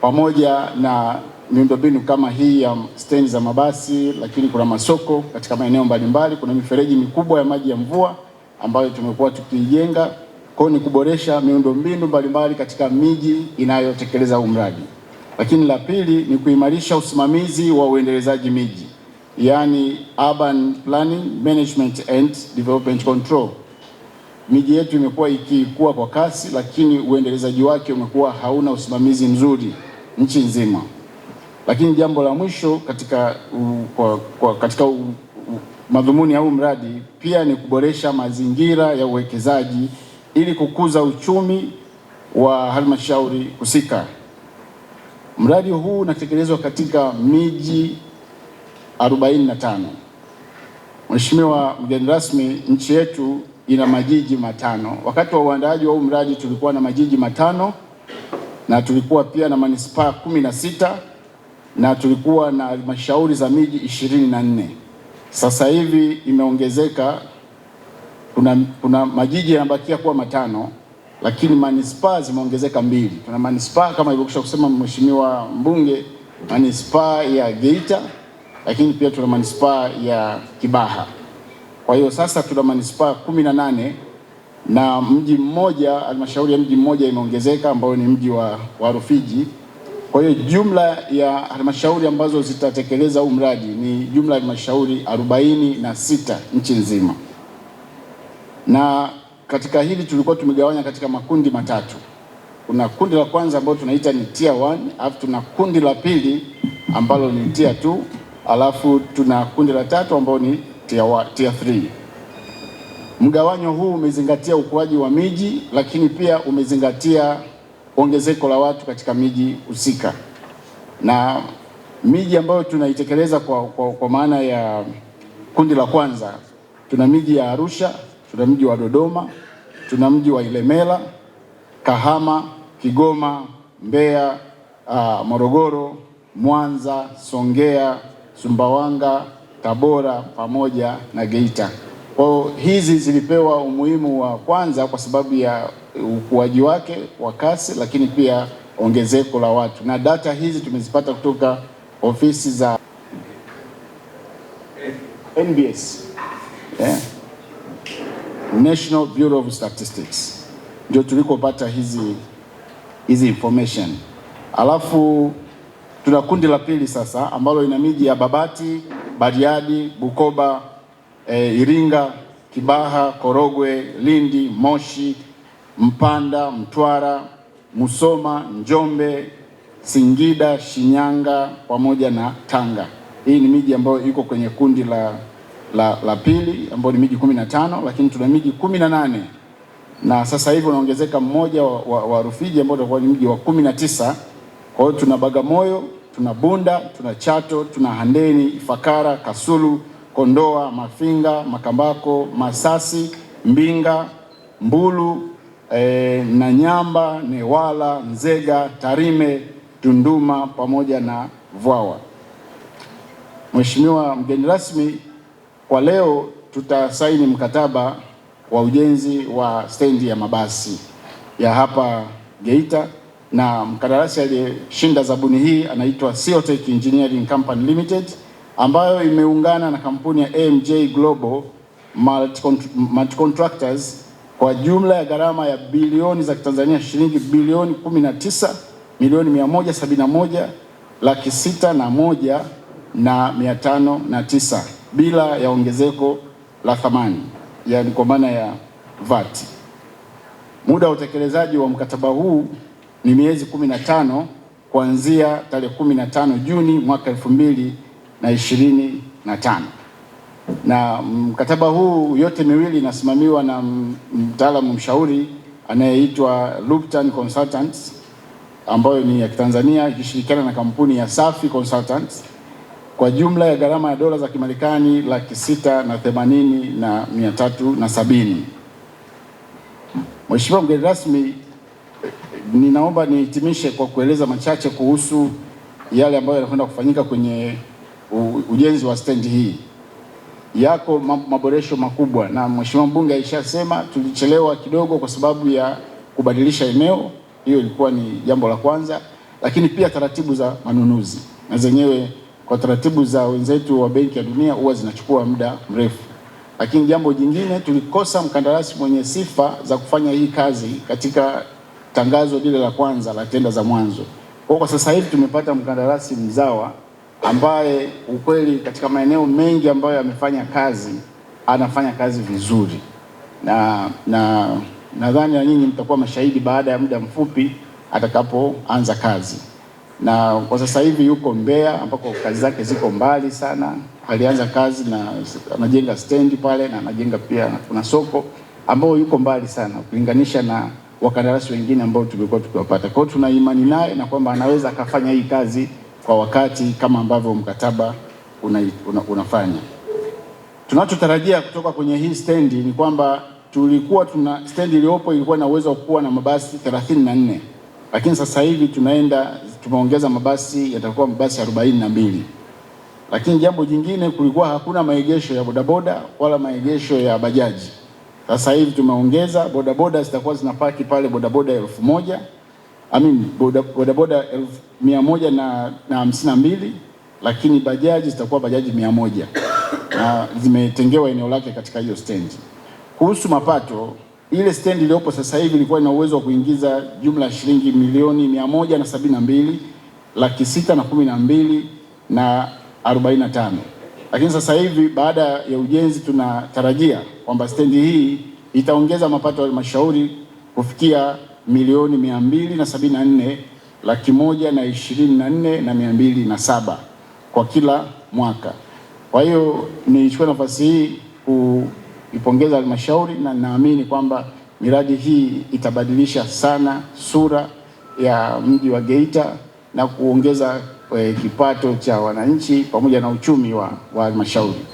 pamoja na miundombinu kama hii ya stendi za mabasi, lakini kuna masoko katika maeneo mbalimbali, kuna mifereji mikubwa ya maji ya mvua ambayo tumekuwa tukiijenga. Kwa hiyo ni kuboresha miundombinu mbalimbali katika miji inayotekeleza huu mradi. Lakini la pili ni kuimarisha usimamizi wa uendelezaji miji, yaani urban planning management and development control miji yetu imekuwa ikikua kwa kasi, lakini uendelezaji wake umekuwa hauna usimamizi mzuri nchi nzima. Lakini jambo la mwisho katika, u, kwa, kwa, katika u, u, madhumuni ya huu mradi pia ni kuboresha mazingira ya uwekezaji ili kukuza uchumi wa halmashauri husika. Mradi huu unatekelezwa katika miji 45. Mheshimiwa mgeni rasmi, nchi yetu ina majiji matano. Wakati wa uandaaji wa huu mradi tulikuwa na majiji matano na tulikuwa pia na manispaa kumi na sita na tulikuwa na halmashauri za miji ishirini na nne. Sasa hivi imeongezeka, kuna, kuna majiji yanabakia kuwa matano lakini manispaa zimeongezeka mbili. Tuna manispaa kama ilivyokwisha kusema mheshimiwa mbunge, manispaa ya Geita, lakini pia tuna manispaa ya Kibaha. Kwa hiyo sasa tuna manispaa kumi na nane na mji mmoja, halmashauri ya mji mmoja imeongezeka ambao ni mji wa, wa Rufiji. Kwa hiyo jumla ya halmashauri ambazo zitatekeleza huu mradi ni jumla ya halmashauri arobaini na sita nchi nzima, na katika hili tulikuwa tumegawanya katika makundi matatu. Kuna kundi la kwanza ambalo tunaita ni tier 1, alafu tuna kundi la pili ambalo ni tier 2, alafu tuna kundi la tatu ambao ni tier 3. Mgawanyo huu umezingatia ukuaji wa miji, lakini pia umezingatia ongezeko la watu katika miji husika, na miji ambayo tunaitekeleza kwa, kwa, kwa maana ya kundi la kwanza, tuna miji ya Arusha, tuna mji wa Dodoma, tuna mji wa Ilemela, Kahama, Kigoma, Mbeya, uh, Morogoro, Mwanza, Songea, Sumbawanga Tabora pamoja na Geita. Kwa hizi zilipewa umuhimu wa kwanza kwa sababu ya ukuaji wake wa kasi, lakini pia ongezeko la watu, na data hizi tumezipata kutoka ofisi za NBS, yeah. National Bureau of Statistics ndio tulikopata hizi hizi information. Alafu tuna kundi la pili sasa ambalo ina miji ya Babati Bariadi, Bukoba, e, Iringa, Kibaha, Korogwe, Lindi, Moshi, Mpanda, Mtwara, Musoma, Njombe, Singida, Shinyanga pamoja na Tanga. Hii ni miji ambayo iko kwenye kundi la, la, la pili ambayo ni miji kumi na tano lakini tuna miji kumi na nane na sasa hivi unaongezeka mmoja wa, wa, wa Rufiji ambao utakuwa ni mji wa kumi na tisa. Kwa hiyo tuna Bagamoyo tuna Bunda, tuna Chato, tuna Handeni, Ifakara, Kasulu, Kondoa, Mafinga, Makambako, Masasi, Mbinga, Mbulu e, eh, na Nyamba, Newala, Nzega, Tarime, Tunduma pamoja na Vwawa. Mheshimiwa mgeni rasmi, kwa leo tutasaini mkataba wa ujenzi wa stendi ya mabasi ya hapa Geita na mkandarasi aliyeshinda zabuni hii anaitwa Siotech Engineering Company Limited ambayo imeungana na kampuni ya AMJ Global Multi Contractors kwa jumla ya gharama ya bilioni za Kitanzania shilingi bilioni 19 milioni 171 laki sita na moja na mia tano na tisa bila ya ongezeko la thamani, yani kwa maana ya VAT. Muda wa utekelezaji wa mkataba huu ni miezi kumi na tano kuanzia tarehe kumi na tano Juni mwaka elfu mbili na ishirini na tano na mkataba huu yote miwili inasimamiwa na mtaalamu mshauri anayeitwa Luptan Consultants ambayo ni ya Kitanzania ikishirikiana na kampuni ya Safi Consultants kwa jumla ya gharama ya dola za Kimarekani laki sita na themanini na mia tatu na sabini. Mheshimiwa mgeni rasmi Ninaomba nihitimishe kwa kueleza machache kuhusu yale ambayo yanakwenda kufanyika kwenye ujenzi wa stendi hii. Yako maboresho makubwa, na mheshimiwa mbunge alishasema tulichelewa kidogo kwa sababu ya kubadilisha eneo. Hiyo ilikuwa ni jambo la kwanza, lakini pia taratibu za manunuzi na zenyewe kwa taratibu za wenzetu wa Benki ya Dunia huwa zinachukua muda mrefu. Lakini jambo jingine, tulikosa mkandarasi mwenye sifa za kufanya hii kazi katika tangazo lile la kwanza la tenda za mwanzo. Kwa kwa sasa hivi tumepata mkandarasi mzawa ambaye ukweli katika maeneo mengi ambayo amefanya kazi anafanya kazi vizuri, na na nadhani na nyinyi mtakuwa mashahidi baada ya muda mfupi atakapoanza kazi. Na kwa sasa hivi yuko Mbeya ambako kazi zake ziko mbali sana. Alianza kazi na anajenga stendi pale na anajenga pia kuna soko ambao yuko mbali sana ukilinganisha na wakandarasi wengine ambao tumekuwa tukiwapata. Kwa hiyo tuna imani naye na kwamba anaweza akafanya hii kazi kwa wakati kama ambavyo mkataba una, una, unafanya. Tunachotarajia kutoka kwenye hii stendi ni kwamba tulikuwa tuna stendi iliyopo ilikuwa na uwezo wa kuwa na mabasi 34 lakini sasa hivi tunaenda tumeongeza mabasi yatakuwa mabasi na mbili. Lakini jambo jingine kulikuwa hakuna maegesho ya bodaboda wala maegesho ya bajaji. Sasa hivi tumeongeza bodaboda, zitakuwa zinapaki pale bodaboda elfu moja amin, bodaboda elfu mia moja na hamsini na mbili lakini bajaji zitakuwa bajaji mia moja na zimetengewa eneo lake katika hiyo stendi. Kuhusu mapato, ile stendi iliyopo sasa hivi ilikuwa ina uwezo wa kuingiza jumla ya shilingi milioni mia moja na sabini na mbili laki sita na kumi na mbili na arobaini na tano. Lakini sasa hivi baada ya ujenzi, tunatarajia kwamba stendi hii itaongeza mapato ya halmashauri kufikia milioni mia mbili na sabini na nne laki moja na ishirini na nne na mia mbili na saba kwa kila mwaka. Kwa hiyo nichukue nafasi hii kuipongeza halmashauri na naamini kwamba miradi hii itabadilisha sana sura ya mji wa Geita na kuongeza kipato cha wananchi pamoja na uchumi wa halmashauri.